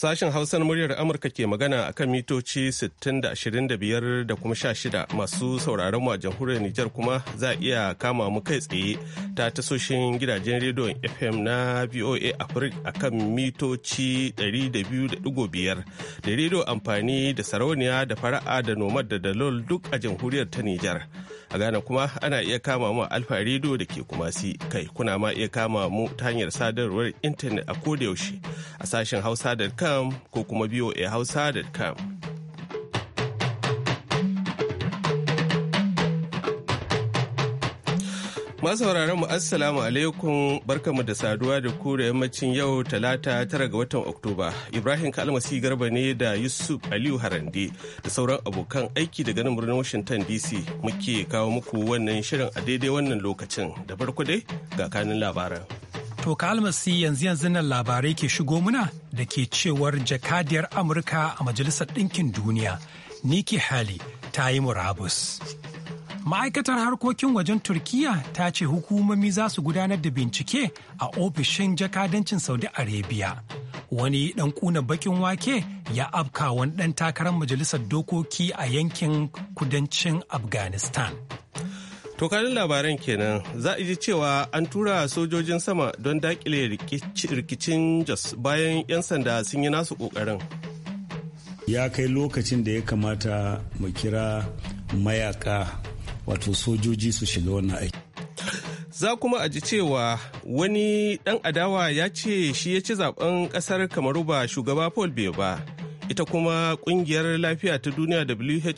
Sashen Hausar muryar Amurka ke magana a kan mitoci 60-25 da kuma 16 masu sauraron mu a jamhuriyar Nijar kuma za a iya kama mu kai tsaye ta tasoshin gidajen rediyon FM na VOA Africa a kan mitoci 200.5 da rediyo amfani da sarauniya da fara'a da nomad da dalol duk a jamhuriyar ta Nijar. a Ghana kuma ana iya kama mu Alfa Rido da ke kumasi kai kuna ma iya kama mu ta hanyar sadarwar intanet a yaushe a sashen hausa.com ko kuma voahausa.com. Masu mu assalamu alaikum barkamu da saduwa da ku da yammacin yau talata tara ga watan Oktoba. Ibrahim Kalmasi Garba ne da Yusuf Aliyu Harande da sauran abokan aiki daga nan birnin Washington DC muke kawo muku wannan shirin a daidai wannan lokacin da farko dai ga kanin labaran. To Kalmasi yanzu yanzu nan labarai ke shigo muna da ke cewar jakadiyar Amurka a Majalisar Ɗinkin Duniya, Nikki hali ta yi murabus. ma'aikatar harkokin wajen Turkiyya ta ce hukumomi za su gudanar da bincike a ofishin jakadancin saudi arabia wani ɗan kuna bakin wake ya afka wani ɗan takarar majalisar dokoki a yankin kudancin afghanistan To labaran kenan za a ji cewa an tura sojojin sama don dakile rikicin Jos bayan 'yan sanda sun yi nasu kokarin. Ya kai lokacin da ya kamata mu kira mayaka wato sojoji su shiga wannan aiki za kuma a ji cewa wani ɗan adawa ya ce shi ya ci zaben ƙasar kamaru ba shugaba paul biya ba ita kuma ƙungiyar lafiya ta duniya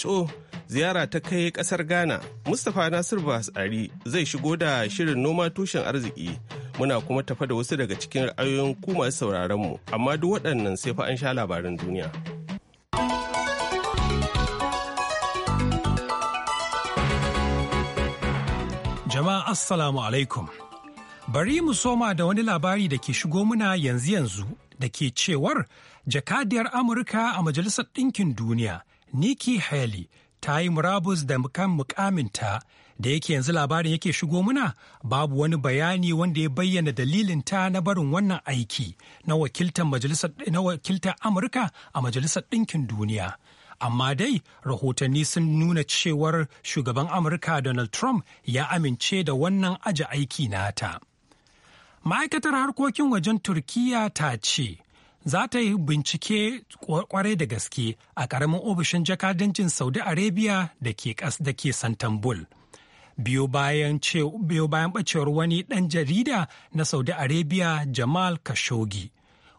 who ziyara ta kai Ƙasar ghana mustapha nasir basari zai shigo da shirin noma tushen arziki muna kuma tafa da wasu daga cikin ra'ayoyin ku masu sauraronmu amma duk waɗannan sai fa an sha labarin duniya. Jama'a Assalamu alaikum. Bari mu soma da wani labari da ke shigo muna yanzu-yanzu da ke cewar jakadiyar Amurka a Majalisar Ɗinkin Duniya, Nikki Haley, ta yi murabus da kan mukaminta da yake yanzu labarin yake shigo muna babu wani bayani wanda ya bayyana dalilin ta na barin wannan aiki na wakiltar amurka a majalisar ɗinkin duniya amma dai rahotanni sun nuna cewar shugaban amurka donald trump ya amince da wannan aji aiki nata ma'aikatar harkokin wajen Turkiyya ta ce za ta yi bincike kwarai da gaske a ƙaramin ofishin jakadancin saudi arabia da ke santambul biyo bayan bacewar wani ɗan jarida na saudi arabia jamal khashoggi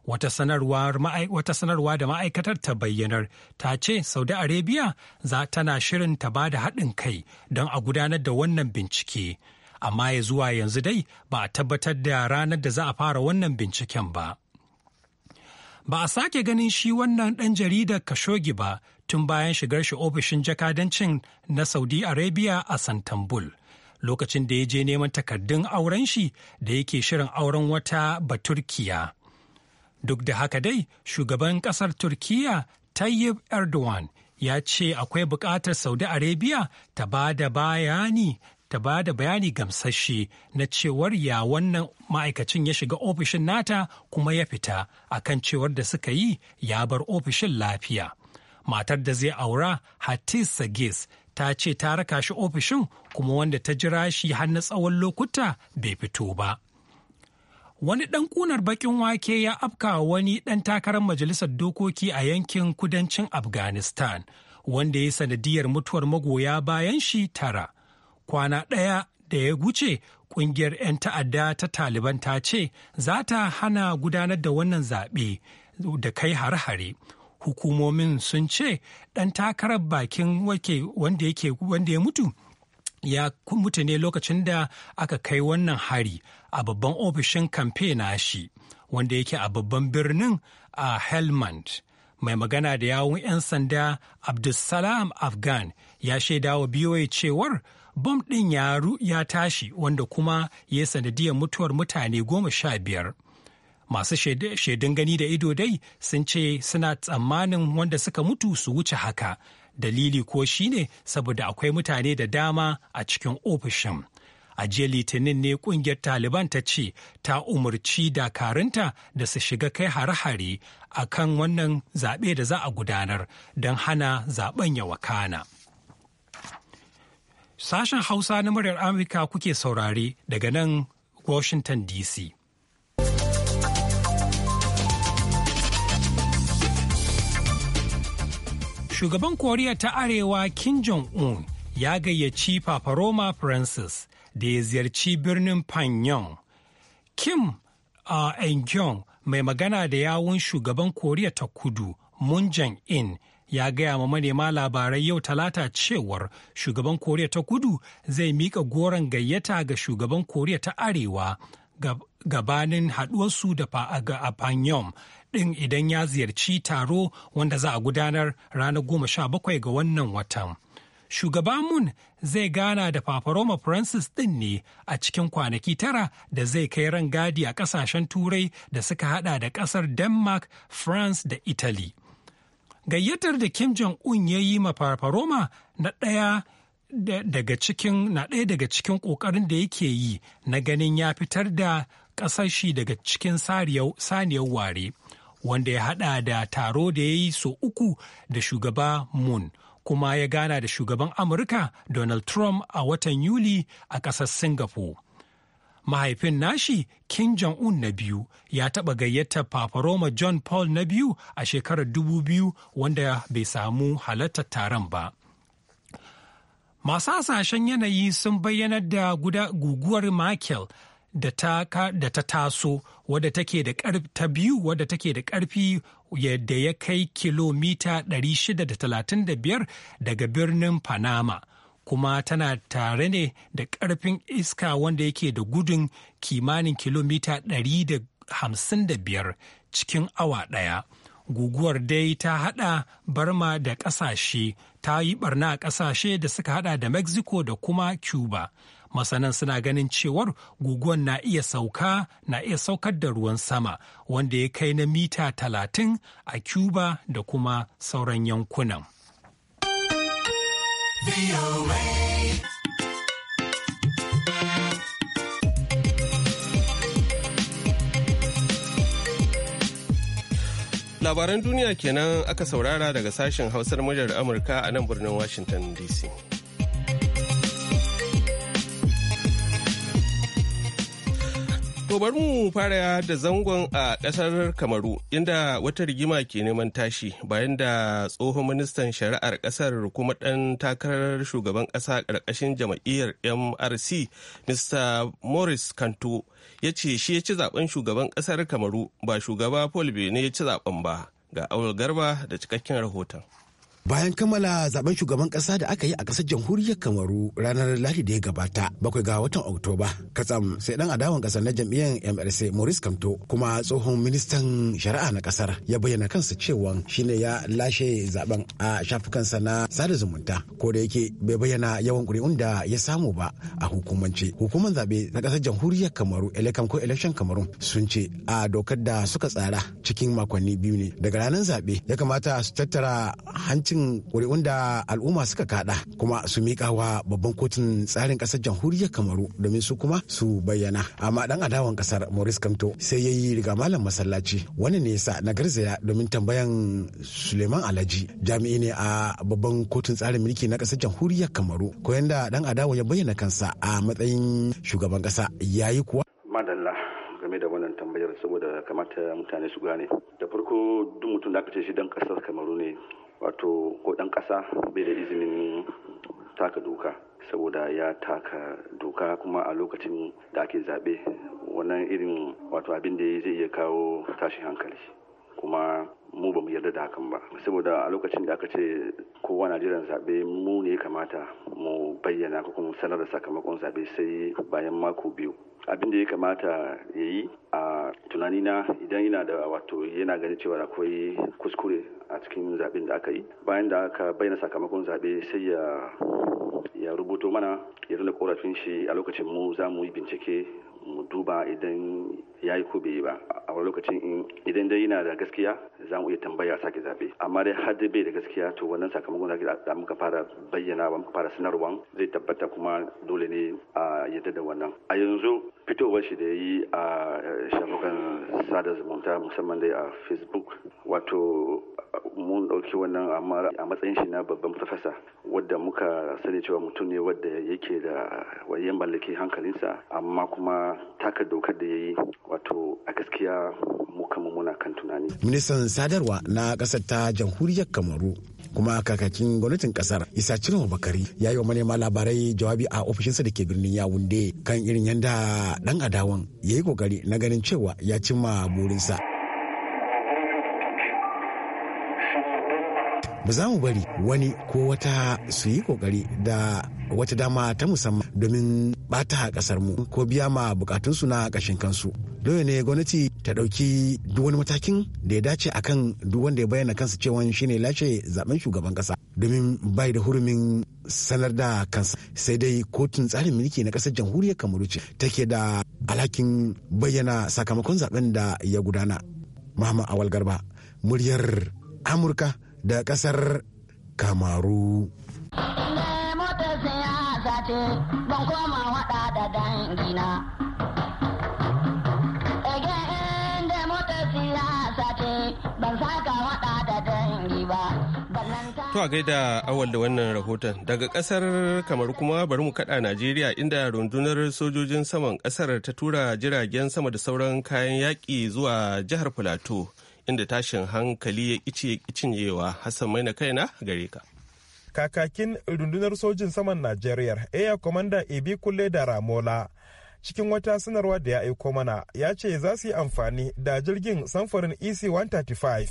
Wata sanarwa da ma'aikatar ta bayyanar ta ce Saudi Arabia za tana shirin ta ba da haɗin kai don a gudanar da wannan bincike. Amma ya zuwa yanzu dai ba a tabbatar da ranar da za a fara wannan binciken ba. Ba a sake ganin shi wannan ɗan jaridar Kashogi ba tun bayan shigar shi ofishin jakadancin na Saudi Arabia a Santambul. lokacin da ya je neman takardun auren shi da yake shirin auren wata baturkiya. Duk da haka dai, shugaban ƙasar Turkiyya Tayyip Erdogan ya ce akwai buƙatar Saudi Arabia ta ba da bayani ta ba da bayani gamsashe na cewar ya wannan ma'aikacin ya shiga ofishin nata kuma ya fita akan cewar da suka yi ya bar ofishin lafiya. Matar da zai aura Hatis Sagis ta ce ta raka shi ofishin kuma wanda ta jira shi har na tsawon lokuta bai fito ba. wani ɗan ƙunar baƙin wake ya afka wani ɗan takarar majalisar dokoki a yankin kudancin afghanistan wanda ya sanadiyar mutuwar magoya bayan shi tara kwana ɗaya da ya guce, ƙungiyar 'yan ta'adda ta taliban ta ce za ta hana gudanar da wannan zaɓe da kai har-hare hukumomin sun ce ɗan takarar bakin wake wanda ya mutu ya mutu ne lokacin da aka kai wannan hari a babban ofishin kamfe na shi wanda yake a babban birnin a helmand mai magana da yawun 'yan sanda abdulsalam afghan ya shaida wa biyoyi cewar bom ɗin ya ya tashi wanda kuma ya sanadiyar mutuwar mutane goma sha biyar masu shaidun gani da ido dai sun ce suna tsammanin wanda suka mutu su wuce haka dalili ko shine saboda akwai mutane da dama a cikin ofishin a jiya litinin ne kungiyar taliban ta ce ta umarci dakarunta da su shiga kai hare-hare a kan wannan zaɓe da za a gudanar don hana zaɓen ya wakana sashen hausa na muryar amurka kuke saurare daga nan washington dc shugaban koriya ta arewa kim jong-un ya gayyaci Papa Roma Francis da ya ziyarci birnin Pyongyang. Kim a ah, Engyong mai magana da yawun shugaban Koriya ta kudu Moon Jae-in ya gaya ma manema labarai yau talata cewar shugaban Koriya ta kudu zai miƙa goron gayyata ga shugaban Koriya ta arewa gabanin haɗuwarsu da a Pyongyang ɗin idan ya ziyarci taro wanda za a gudanar ranar bakwai ga wannan watan. shugaba mun zai gana da Paparoma Francis ɗin ne a cikin kwanaki tara da zai kai rangadi a ƙasashen Turai da suka hada da ƙasar Denmark, France da Italy. Gayyatar da Kim Jong-un ya yi ma Paparoma na ɗaya daga cikin na ɗaya daga cikin ƙoƙarin da yake yi na ganin ya fitar da ƙasashe daga cikin saniyar ware wanda ya haɗa da taro da ya yi so uku da shugaba moon kuma ya gana da shugaban Amurka Donald Trump a watan Yuli a ƙasar Singapore. Mahaifin nashi Kim Jong-un na biyu ya taɓa gayyatar Roma John Paul na biyu a shekarar dubu biyu, wanda bai samu halartar taron ba. Masu hasashen yanayi sun bayyanar da guda guguwar Michael da ta taso wadda take da ta biyu wadda take da ƙarfi yadda ya kai kilomita 635 daga birnin Panama. kuma tana tare ne da ƙarfin iska wanda yake da gudun kimanin kilomita 155 cikin awa ɗaya. Guguwar dai ta haɗa Barma da ƙasashe, ta yi ɓarna a ƙasashe da suka haɗa da Mexico da kuma Cuba. masanan suna ganin cewar guguwan na iya sauka na iya saukar da ruwan sama wanda ya kai na mita talatin a cuba da kuma sauran yankunan labaran duniya kenan aka saurara daga sashen hausar muryar amurka a nan birnin washington dc To bari mu fara da zangon a ƙasar Kamaru inda wata rigima ke neman tashi bayan da tsohon ministan shari'ar ƙasar kuma ɗan takarar shugaban ƙasa ƙarƙashin jam'iyyar MRC Mr. Morris Kanto ya ce shi ya ci zaben shugaban ƙasar Kamaru ba shugaba Paul Bene ya ci zaben ba ga Awul Garba da cikakken rahoton. bayan kammala zaben shugaban kasa da aka yi a kasar jamhuriyar kamaru ranar lahadi da ya gabata bakwai ga watan oktoba katsam sai dan adawan kasar na jam'iyyar mrc maurice kamto kuma tsohon ministan shari'a na kasar ya bayyana kansa cewa shine ya lashe zaben a shafukansa na sada zumunta ko da yake bai bayyana yawan ƙuri'un da ya samu ba a hukumance hukumar zabe na kasar jamhuriyar kamaru elekam ko election kamarun sun ce a dokar da suka tsara cikin makonni biyu ne daga ranar zabe ya kamata su tattara hanci kotun ƙuri'un da al'umma suka kada kuma su miƙa wa babban kotun tsarin ƙasar jamhuriyar kamaru domin su kuma su bayyana amma dan adawan kasar maurice kamto sai ya yi riga malam masallaci wani ne yasa na garzaya domin tambayan suleiman alhaji jami'i ne a babban kotun tsarin mulki na ƙasar jamhuriyar kamaru ko yanda dan adawa ya bayyana kansa a matsayin shugaban ƙasa ya yi kuwa madalla game da wannan tambayar saboda kamata mutane su gane da farko duk mutum da aka ce shi dan kasar kamaru ne wato ko ɗan ƙasa bai da izinin taka doka saboda ya taka doka kuma a lokacin da ake zaɓe wannan irin wato abin da zai iya kawo tashin hankali kuma mu ba mu yarda da hakan ba saboda a lokacin da aka ce kowa na jiran zaɓe mu ne kamata mu bayyana ko kuma sanar da sakamakon zaɓe sai bayan mako biyu abin da ya kamata ya yi a na idan yana da wato yana gani cewa akwai kuskure a cikin zaɓen da aka yi bayan da aka bayyana sakamakon zaɓe sai ya ya rubuto mana ya rina korafin shi a lokacin mu za mu yi bincike mu duba idan ya yi ko bai yi ba a wani lokacin in idan dai yana da gaskiya za mu iya tambaya sake zabe amma dai har dai bai da gaskiya to wannan sakamakon da muka fara bayyana muka fara sanarwan zai tabbata kuma dole ne a yadda da wannan a yanzu fitowar shi da ya yi a eh, shafukan sada zumunta musamman dai a facebook wato mun ɗauki wannan a matsayin shi na babban farfasa wadda muka sani cewa mutum ne wadda yake da wayan mallaki hankalinsa amma kuma taka dokar da ya yi wato a gaskiya mu kama muna kan tunani. Ministan sadarwa na ƙasar ta jamhuriyar Kamaru kuma kakakin gwamnatin kasar isa cinawa bakari ya yi wa manema labarai jawabi a ofishinsa da ke birnin yawunde kan irin yadda dan adawan ya yi kokari na ganin cewa ya cimma burinsa. ba za mu bari wani ko wata su yi kokari da wata dama ta musamman domin bata a kasar mu ko biya ma bukatunsu na kashin kansu dole ne gwamnati ta ɗauki duk wani matakin da ya dace akan duk wanda ya bayyana kansa cewa shine lashe zaben shugaban kasa domin bai da hurumin sanar da kansa sai dai kotun tsarin mulki na kasar jamhuriyar kamaru ce take da alhakin bayyana sakamakon zaben da ya gudana muhammad awal garba muryar amurka da ƙasar kamaru ce ban ba. To a gaida awal da wannan rahoton daga kasar kamar kuma bari mu kada Najeriya inda rundunar sojojin saman kasar ta tura jiragen sama da sauran kayan yaƙi zuwa jihar Filato. inda tashin hankali ya ƙice cinyewa Hassan mai na kaina gare ka. Kakakin rundunar sojin saman Najeriya Air Commander ibi Kulle da Ramola cikin wata sanarwa da ya aiko mana ya ce za su yi amfani da jirgin samfurin EC-135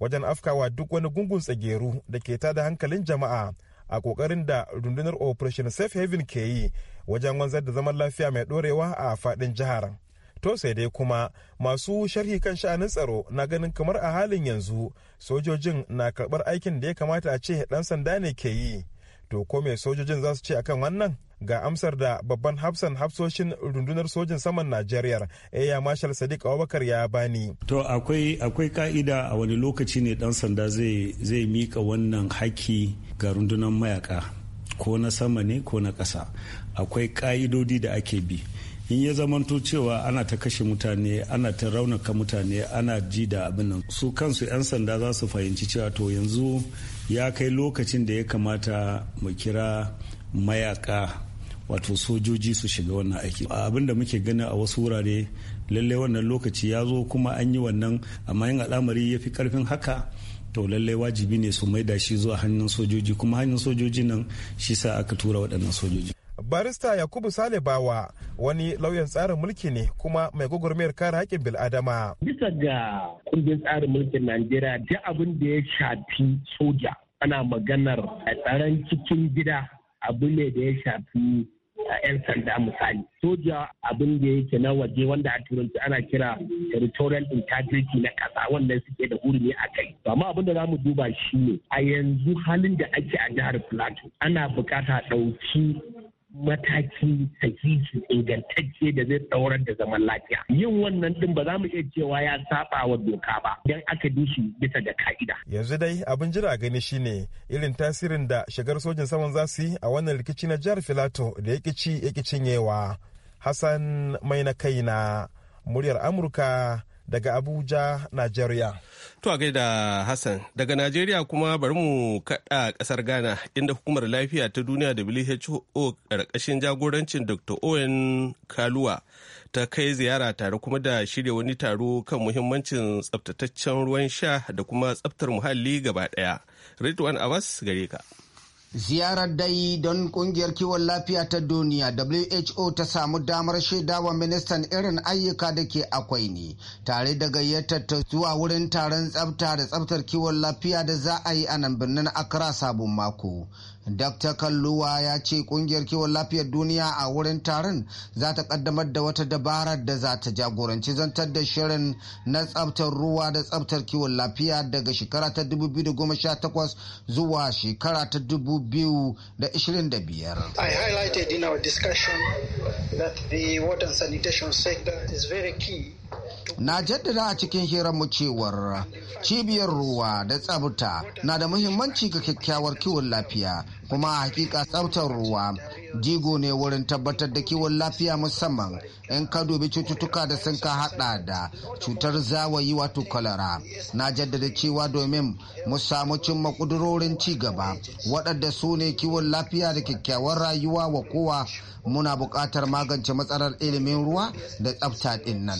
wajen afkawa duk wani gungun tsageru da ke tada hankalin jama'a a kokarin da rundunar Operation Safe Haven ke yi wajen wanzar da zaman lafiya mai dorewa a faɗin jihar. To sai dai kuma masu sharhi kan sha'anin tsaro na ganin kamar a halin yanzu sojojin na karɓar aikin da ya kamata a ce dan sanda ne ke yi. To ko me sojojin za su ce akan wannan? Ga amsar da babban hafsan hafsoshin rundunar sojin saman Najeriya, ya Marshal Sadiq Abubakar ya bani. To akwai akwai ka'ida a wani lokaci ne dan sanda zai zai mika wannan haki ga rundunar mayaka ko na sama ne ko na ƙasa. Akwai ka'idodi da ake bi. in ya zamanto cewa ana ta kashe mutane ana ta raunaka mutane ana ji da abin nan su kansu 'yan sanda za su fahimci cewa to yanzu ya kai lokacin da ya kamata mu kira mayaka wato sojoji su shiga wannan aiki abin da muke gani a wasu wurare lalle wannan lokaci ya zo kuma an yi wannan amma yin al'amari ya fi karfin haka to lalle wajibi ne su maida shi zuwa hannun sojoji kuma hannun sojoji nan shi sa aka tura waɗannan sojoji barista yakubu salibawa wani lauyan tsarin mulki ne kuma mai gwagwarmayar kare haƙƙin bil'adama bisa ga kundin tsarin mulkin najeriya duk abin da ya shafi soja ana maganar a tsaron cikin gida abu ne da ya shafi yan sanda misali soja abin da yake na waje wanda a turanci ana kira territorial integrity na kasa wanda suke da hurumi a kai amma abin da zamu duba shi ne a yanzu halin da ake a jihar plateau ana bukata ɗauki mataki sahihi ingantacce da zai tsaurar da zaman lafiya yin wannan din ba za mu iya cewa ya saba wa doka ba idan aka bi shi bisa ga ka'ida yanzu dai abin jira gani shine irin tasirin da shigar sojin saman za su yi a wannan rikici na jihar filato da ya ci ya cinyewa hassan mai na kaina muryar amurka daga Abuja, Najeriya. To a gaida Hassan, daga Najeriya kuma bari mu kaɗa ƙasar Ghana inda hukumar lafiya ta duniya da WHO ƙarƙashin jagorancin Dr. Owen Kaluwa ta kai ziyara tare kuma da shirya wani taro kan muhimmancin tsabtataccen ruwan sha da kuma tsabtar muhalli gaba ɗaya. Ridwan Abbas gare ka. ziyarar dai don kungiyar kiwon lafiya ta duniya who ta samu damar shaidawa ministan irin ayyuka da ke akwai ne tare da gayyatar ta zuwa wurin taron tsabta da tsaftar kiwon lafiya da za a yi a nan birnin accra sabon mako Dr. Kalluwa ya ce kungiyar kiwon lafiyar duniya a wurin taron za ta kaddamar da wata dabarar da za ta jagoranci zantar da shirin na tsabtar ruwa da tsabtar kiwon lafiya daga shekara ta 2018 zuwa shekara ta 2025. I highlighted in our discussion the water and sanitation sector is very key na jaddada a cikin hiranmu cewar cibiyar ruwa da tsabta na da muhimmanci ga kyakkyawar kiwon lafiya kuma a hakika tsabtar ruwa jigo ne wurin tabbatar da kiwon lafiya musamman in ka dubi cututtuka da sun ka hada da cutar zawayi wato kwalara na jaddada cewa domin mu samu cimma kudurorin ci gaba waɗanda su ne kiwon lafiya da kyakkyawar rayuwa wa kowa muna buƙatar magance matsalar ilimin ruwa da tsafta ɗin nan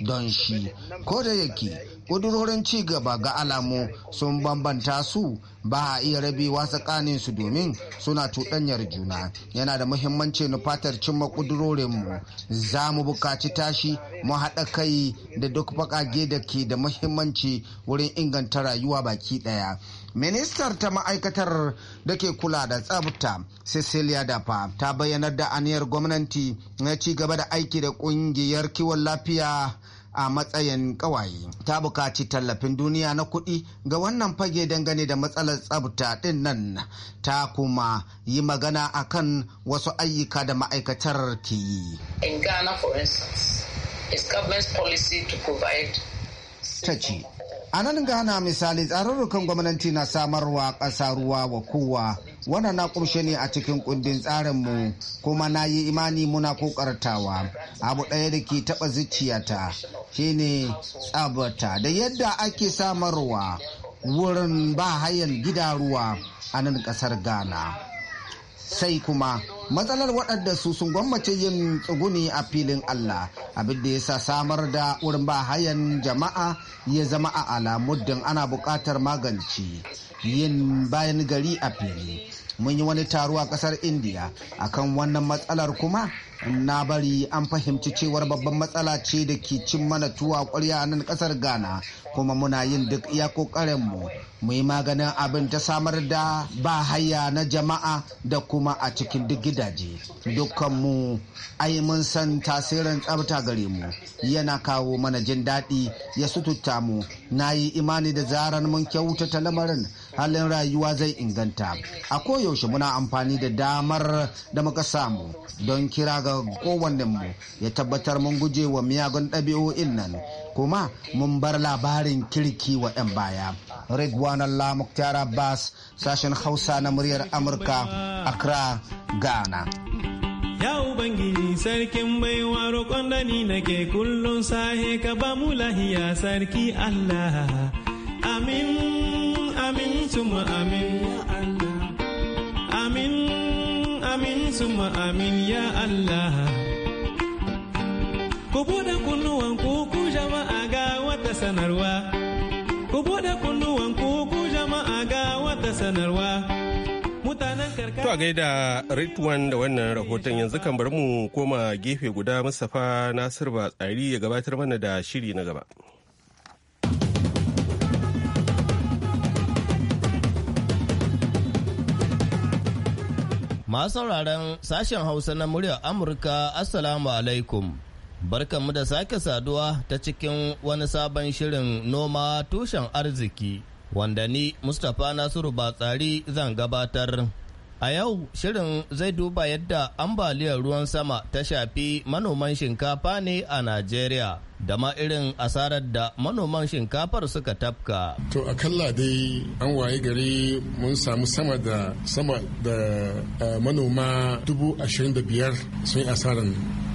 don shi ko da yake ƙudurorin ci gaba ga alamu sun bambanta su ba a iya rabewa tsakanin su domin suna tuɗanyar juna yana da muhimmanci na fatar cimma ƙudurorinmu za mu buƙaci tashi mu haɗa kai da duk baƙage da ke da muhimmanci wurin inganta rayuwa baki ɗaya ministar ta ma'aikatar da ke kula da tsabta cecilia Dapa ta bayyanar da aniyar gwamnati na ci gaba da aiki da kungiyar kiwon lafiya a matsayin kawaye ta bukaci tallafin duniya na kuɗi ga wannan fage dangane da matsalar tsabta ɗin nan ta kuma yi magana akan wasu ayyuka da ma'aikatar ke yi ta ce A nan Ghana misali tsararrukan gwamnati na samarwa ƙasa ruwa wa kowa wannan na ƙunshe ne a cikin kundin tsarinmu kuma na yi imani muna ƙoƙartawa. Abu ɗaya da ke taɓa zuciyata shine tsabata da yadda ake samarwa wurin ba hayan gida ruwa a nan ƙasar Ghana. Sai kuma matsalar waɗanda su sun gwammace yin tsuguni a filin Allah abin da sa samar da wurin bahayan jama'a ya zama a alamuddin ana buƙatar magance yin bayan gari a fili mun yi wani taro a ƙasar indiya akan wannan matsalar kuma na bari an fahimci cewar babban matsala ce da ke cin mana tuwa kwarya nan kasar ghana kuma muna yin duk iya kokarin mu yi maganin abin ta samar da ba haya na jama'a da kuma a cikin duk gidaje dukkanmu ai mun san tasirin tsabta gare mu yana kawo mana jin daɗi ya sututa mu na yi imani da zarar mun kyautata lamarin halin rayuwa zai inganta a koyaushe muna amfani da damar da muka samu don kira ga kowanne mu ya tabbatar mun guje wa miyagun ɗabi'o'in nan kuma mun bar labarin kirki wa 'yan baya rigwanan Allah Abbas sashen Hausa na muryar Amurka Accra Ghana. Ya Ubangiji sarkin baiwa roƙon da nake kullum sahe ka ba mu lahiya sarki Allah. amin amin suma amin amin amin suma amin ya Allah ku buɗe kunnuwanku ku ku jama'a ga wata sanarwa ku buɗe kunnuwanku ku ku jama'a ga wata sanarwa To a gaida Ritwan da wannan rahoton yanzu kan bar mu koma gefe guda Mustapha Nasir tsari ya gabatar mana da shiri na gaba. Masu sauraron sashen Hausa na muryar Amurka, Assalamu alaikum. Barkanmu da sake saduwa ta cikin wani sabon shirin noma tushen arziki, wanda ni Mustapha Nasiru Batsari zan gabatar. A yau shirin zai duba yadda ambaliyar ruwan sama ta shafi manoman shinkafa ne a Najeriya da ma irin asarar da manoman shinkafar suka tafka. To a akalla dai an waye gari mun samu sama da sama da eh, manoma dubu ashirin da biyar sun yi asarar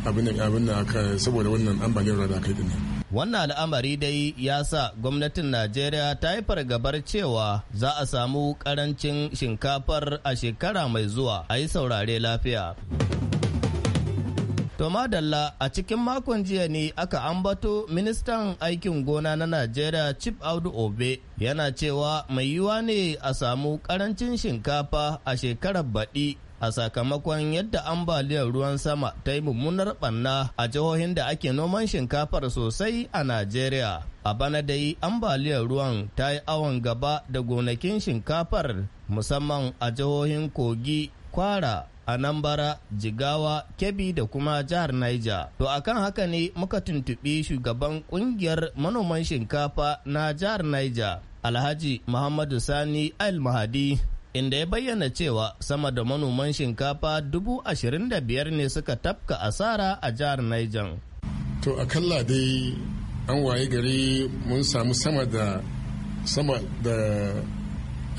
abin da aka saboda wannan ambaliyar da aka yi Wannan al'amari dai ya sa gwamnatin Najeriya ta yi fargabar cewa za a samu karancin shinkafar a shekara mai zuwa a yi saurare lafiya. To madalla a cikin makon jiya ne aka ambato ministan aikin gona na Najeriya Chief Audu Obe yana cewa mai yiwuwa ne a samu karancin shinkafa a shekarar baɗi a sakamakon yadda ambaliyar ruwan sama ta yi mummunar ɓanna a jihohin da ake noman shinkafar sosai a Najeriya. A bana dai ambaliyar ruwan ta yi awon gaba da gonakin shinkafar musamman a jihohin Kogi, Kwara, Anambra, Jigawa, Kebbi da kuma jihar Niger. To akan haka ne muka tuntuɓi shugaban ƙungiyar manoman shinkafa na jihar Niger, Alhaji Muhammadu Sani Al Mahadi. inda ya bayyana cewa sama da manoman shinkafa dubu ashirin da biyar ne suka tafka asara a jihar Niger. To a kalla dai an waye gari mun samu sama da sama da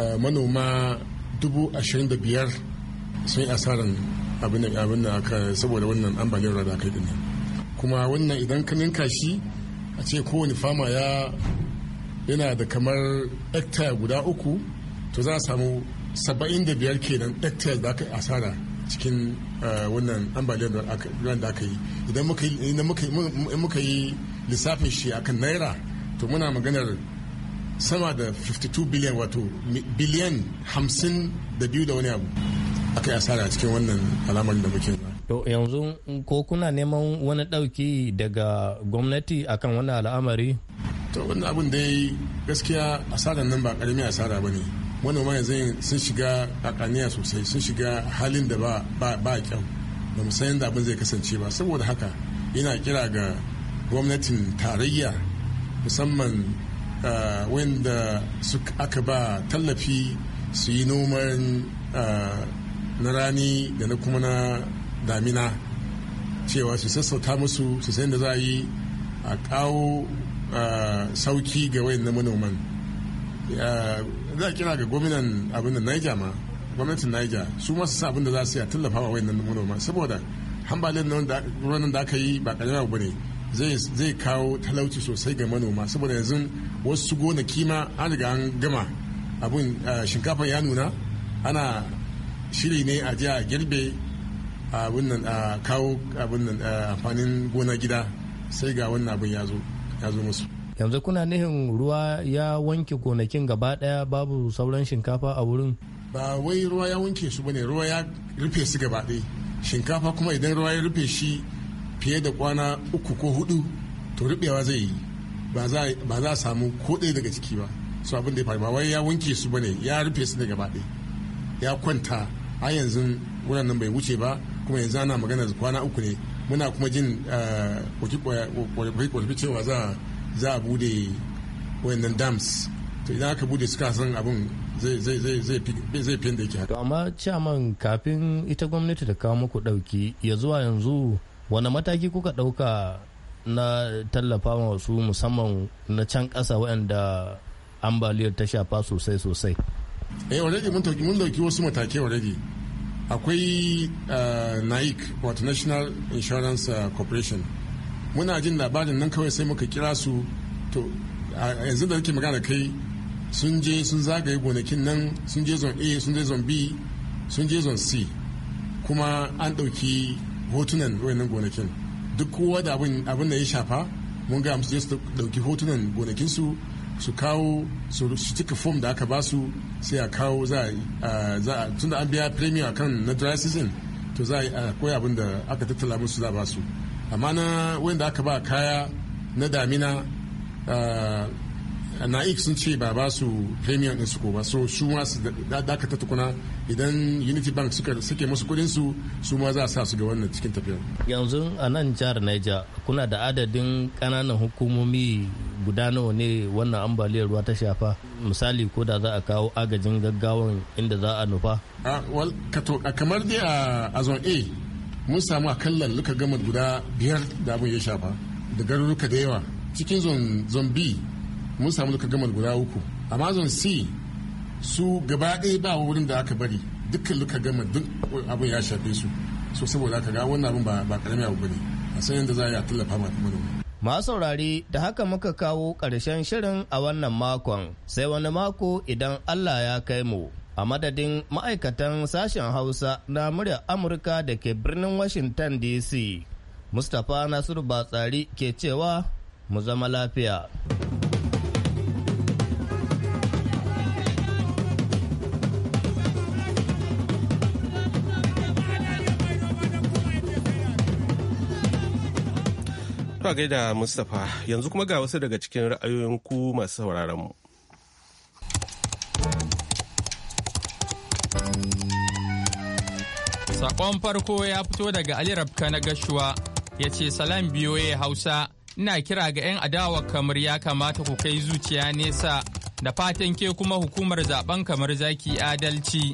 eh, manoma dubu ashirin da biyar sun yi asaran abin da aka saboda wannan ambaliyar da aka yi kuma wannan idan ka ninka shi a ce kowane fama ya yana da kamar hectare guda uku to za a samu Saba'in da biyar kenan hectares da aka yi asara cikin eh, wannan ambaliyar da aka yi idan muka yi lissafin shi akan naira to muna maganar sama da 52 biliyan wato biliyan 50 da biyu da wani abu aka yi asara cikin wannan alamar da muke to yanzu ko kuna neman wani ɗauki daga gwamnati akan wannan al'amari to wannan abun dai gaskiya asarar nan ba ƙaramin asara ba ne manoma yanzu sun shiga kakaniya sosai sun shiga halin da ba kyau ba mu san yadda abin zai kasance ba saboda haka ina kira ga gwamnatin tarayya musamman ah, wanda aka ba tallafi su yi noman ah, na rani da na kuma na damina cewa su sassauta musu su san da za a yi a kawo ah, sauki ga wayan na manoman za a kira ga gwamnan abin da Niger ma gwamnatin Niger su masu sa abin da za su yi a tallafa wa wayannan manoma saboda hambalin nan da aka yi ba karama ba ne zai kawo talauci sosai ga manoma saboda yanzu wasu gonaki ma an riga an gama abin shinkafa ya nuna ana shiri ne a jiya girbe abin nan a kawo abin nan amfanin gona gida sai ga wannan abin ya zo musu yanzu kuna nihin ruwa ya wanke gonakin gaba daya babu sauran shinkafa a wurin ba wai ruwa ya wanke su bane ruwa ya rufe su gaba daya shinkafa kuma idan ruwa ya rufe shi fiye da kwana uku ko hudu to rubewa zai yi ba za a samu ko ɗaya daga ciki ba su abin da ya faru ba wai ya wanke su bane ya rufe su ne gaba ya kwanta a yanzu wuran nan bai wuce ba kuma yanzu ana magana kwana uku ne muna kuma jin kwafi eh, cewa za a za a bude wayannan dams to idan aka bude suka san abin zai fi da yake haka. amma chairman kafin ita gwamnati da kawo muku dauki ya zuwa yanzu wani mataki kuka dauka na tallafa wasu musamman na can kasa waɗanda ambaliyar ta shafa sosai sosai. eh already mun dauki wasu matake already akwai eh, naik wato national insurance eh, corporation muna jin labarin nan kawai sai muka kira su to yanzu da nake magana kai sun je sun zagaye gonakin nan sun je zon a sun je zon b sun je zon c kuma an ɗauki hotunan wayannan gonakin duk kowa da abin da ya shafa mun ga su je su ɗauki hotunan gonakinsu su kawo su cika fom da aka basu sai a kawo za a tun da an biya premium kan na dry season to za a koya abin da aka tattala musu za a basu amma na wanda aka ba kaya na damina ah, na'ik sun ce ba ba su premium din su ko ba so su ma su dakata tukuna idan unity bank suka sake musu kudin su su ma za su ga wannan cikin tafiyar yanzu a nan jihar niger kuna da adadin kananan hukumomi guda nawa ne wannan ambaliyar ruwa ta shafa misali ko da za a kawo agajin gaggawan inda za a nufa a ah, kamar dai a zone a mun samu akalla luka gama guda biyar da abin ya shafa da garuruka da yawa cikin zon b mun samu luka gama guda uku amma zon c su gaba ɗaya ba wurin da aka bari dukkan luka gama duk abin ya shafe su so saboda aka ga wannan abin ba karami abu bane a san yadda za a tallafa ma manoma Masu saurari da haka muka kawo ƙarshen shirin a wannan makon sai wani mako idan Allah ya kai mu a madadin ma'aikatan sashen hausa na murya amurka da ke birnin washington dc mustapha nasiru batsari ke cewa mu zama lafiya Ba gaida Mustapha yanzu kuma ga wasu daga cikin ra'ayoyin ku masu sauraron mu. Sakon farko ya fito daga Ali Rabka na Gashuwa ya ce salam biyo ya Hausa ina kira ga 'yan adawa kamar ya kamata ku kai zuciya nesa da fatan ke kuma hukumar zaben kamar zaki adalci.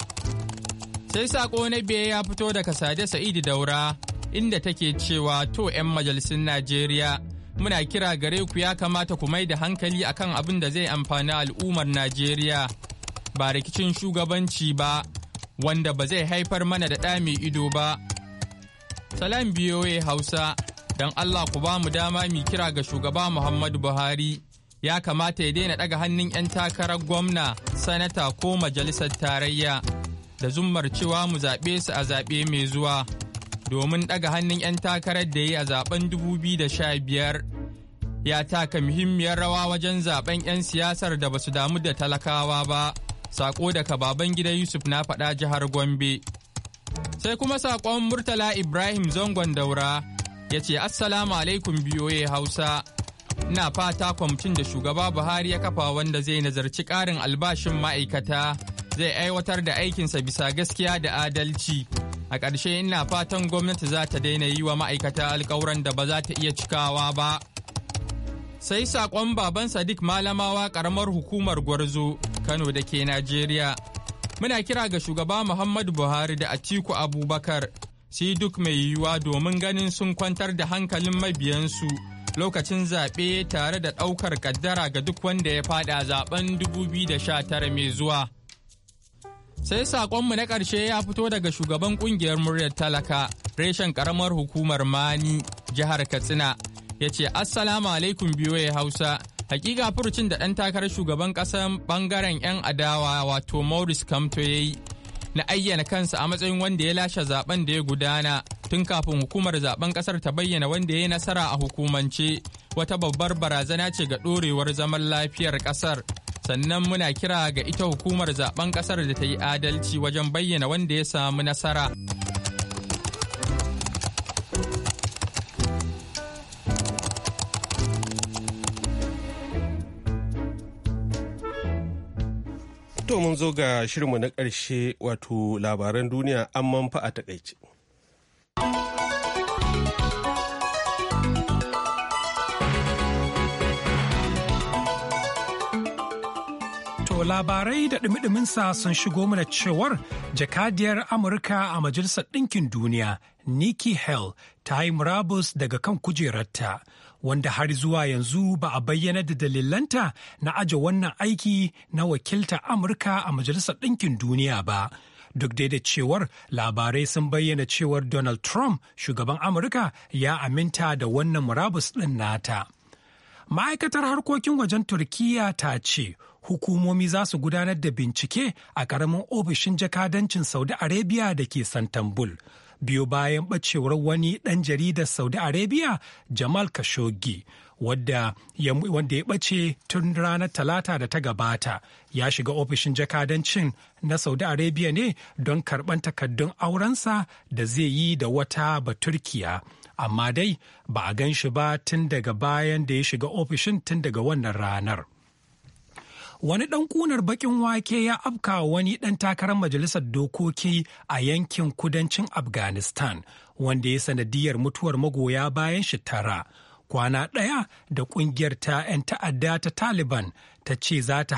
Sai sako na biye ya fito daga Sade Sa'idu Daura inda take cewa to 'yan majalisun Najeriya muna kira gare ku ya kamata ku mai da hankali akan abin da zai amfani al'ummar Najeriya ba rikicin shugabanci ba wanda ba zai haifar mana da mai ido ba. Salam ya Hausa, don Allah ku ba mu dama mi kira ga shugaba Muhammadu Buhari. Ya kamata ya daina ɗaga hannun 'yan takarar gwamna, sanata ko majalisar tarayya da zummar cewa mu zaɓe su a zaɓe mai zuwa. Domin ɗaga hannun 'yan takarar da ya yi a zaɓen da sha biyar ya taka muhimmiyar rawa wajen zaɓen 'yan siyasar da basu damu da talakawa ba. Sako daga baban gida Yusuf na faɗa jihar Gombe. Sai kuma sakon Murtala Ibrahim Zangon Daura ya ce Assalamu alaikum biyoye Hausa. Ina fata kwamitin da shugaba Buhari ya kafa wanda zai nazarci ƙarin albashin ma'aikata zai aiwatar da aikinsa bisa gaskiya da adalci. A ƙarshe ina fatan gwamnati za ta daina yi wa ma'aikata alkawuran da ba za ta iya cikawa ba. Sai saƙon baban Sadiq Malamawa ƙaramar hukumar Gwarzo Kano da ke Najeriya. Muna kira ga shugaba Muhammadu Buhari da Atiku Abubakar sai duk mai yiwuwa domin ganin sun kwantar da hankalin mabiyansu lokacin zaɓe tare da ɗaukar kaddara ga duk wanda ya faɗa zaben 2019 mai zuwa. Sai saƙonmu na ƙarshe ya fito daga shugaban ƙungiyar muryar talaka, reshen ƙaramar hukumar Mani, jihar Katsina, ya ce Assalamu alaikum biyoye Hausa. Hakika furucin da ɗan takarar shugaban ƙasar ɓangaren 'yan adawa wato Maurice Kamto ya yi na ayyana kansa a matsayin wanda ya lashe zaben da ya gudana tun kafin hukumar zaben ƙasar ta bayyana wanda ya yi nasara a hukumance wata babbar barazana ce ga ɗorewar zaman lafiyar ƙasar. sannan muna kira ga ita hukumar zaben ƙasar da ta yi adalci wajen bayyana wanda ya samu nasara. To mun zo ga shirinmu na ƙarshe wato labaran duniya an manfa a takaice. labarai da ɗumi-ɗuminsa sun shigo mana cewar jakadiyar Amurka a Majalisar Ɗinkin Duniya, Nikki Hale, ta yi murabus daga kan kujerarta. wanda har zuwa yanzu ba a bayyana da dalilanta na aje wannan aiki na wakilta Amurka a Majalisar Ɗinkin Duniya ba. Duk dai da cewar labarai sun bayyana cewar Donald Trump, shugaban Amurka, ya aminta da wannan murabus ɗin nata. Ma'aikatar harkokin wajen Turkiyya ta ce hukumomi za su gudanar da bincike a ƙaramin ofishin jakadancin Saudi Arabia da ke Santambul. Biyu bayan ɓacewar wani ɗan jaridar saudi arabia jamal khashoggi wadda ya ɓace tun ranar talata da ta gabata ya shiga ofishin jakadancin na saudi arabia ne don karɓan takardun aurensa da zai yi da wata baturkiya amma dai ba a gan shi ba tun daga bayan da ya shiga ofishin tun daga wannan ranar. wani ɗan ƙunar baƙin wake ya afka wani ɗan takarar majalisar dokoki a yankin kudancin afghanistan wanda ya sanadiyar mutuwar magoya bayan shi tara kwana ɗaya da ƙungiyar ta 'yan ta'adda ta taliban ta ce za ta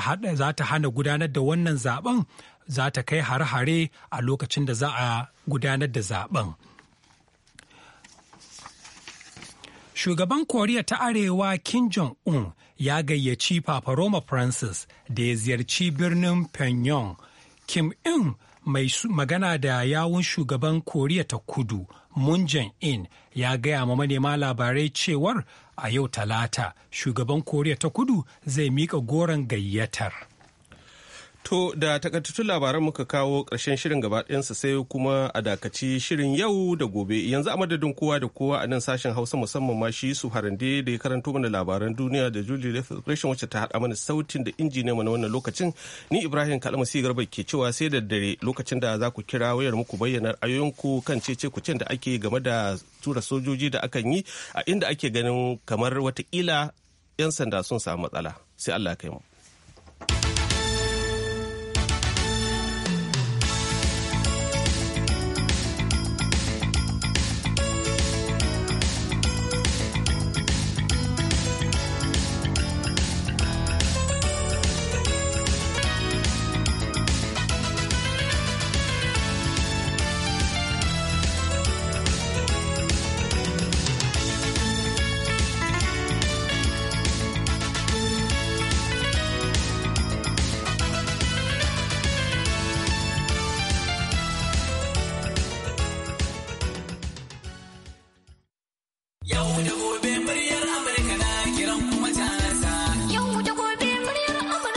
hana gudanar da wannan zaben za ta kai hare-hare a lokacin da za a gudanar da zaben Shugaban Koriya ta Arewa Kim Jong-un ya gayyaci Papa Roma Francis da ya ziyarci birnin Pyongyang. Kim In mai magana da yawun shugaban Koriya ta Kudu Moon Jae-in ya gaya ma manema labarai cewar a yau talata shugaban Koriya ta Kudu zai mika goron gayyatar. To da takaitattun labaran muka kawo ƙarshen shirin gabaɗinsa sai kuma a dakaci shirin yau da gobe yanzu a madadin kowa da kowa a nan sashen hausa musamman ma shi su harande da ya karanto mana labaran duniya da Julie Reflection wacce ta haɗa mana sautin da injiniya mana wannan lokacin ni Ibrahim si Garba ke cewa sai da dare lokacin da za ku kira wayar muku bayyana ku kan cece kucin da ake game da tura sojoji da akan yi a inda ake ganin kamar watakila 'yan sanda sun samu matsala sai Allah kai mu.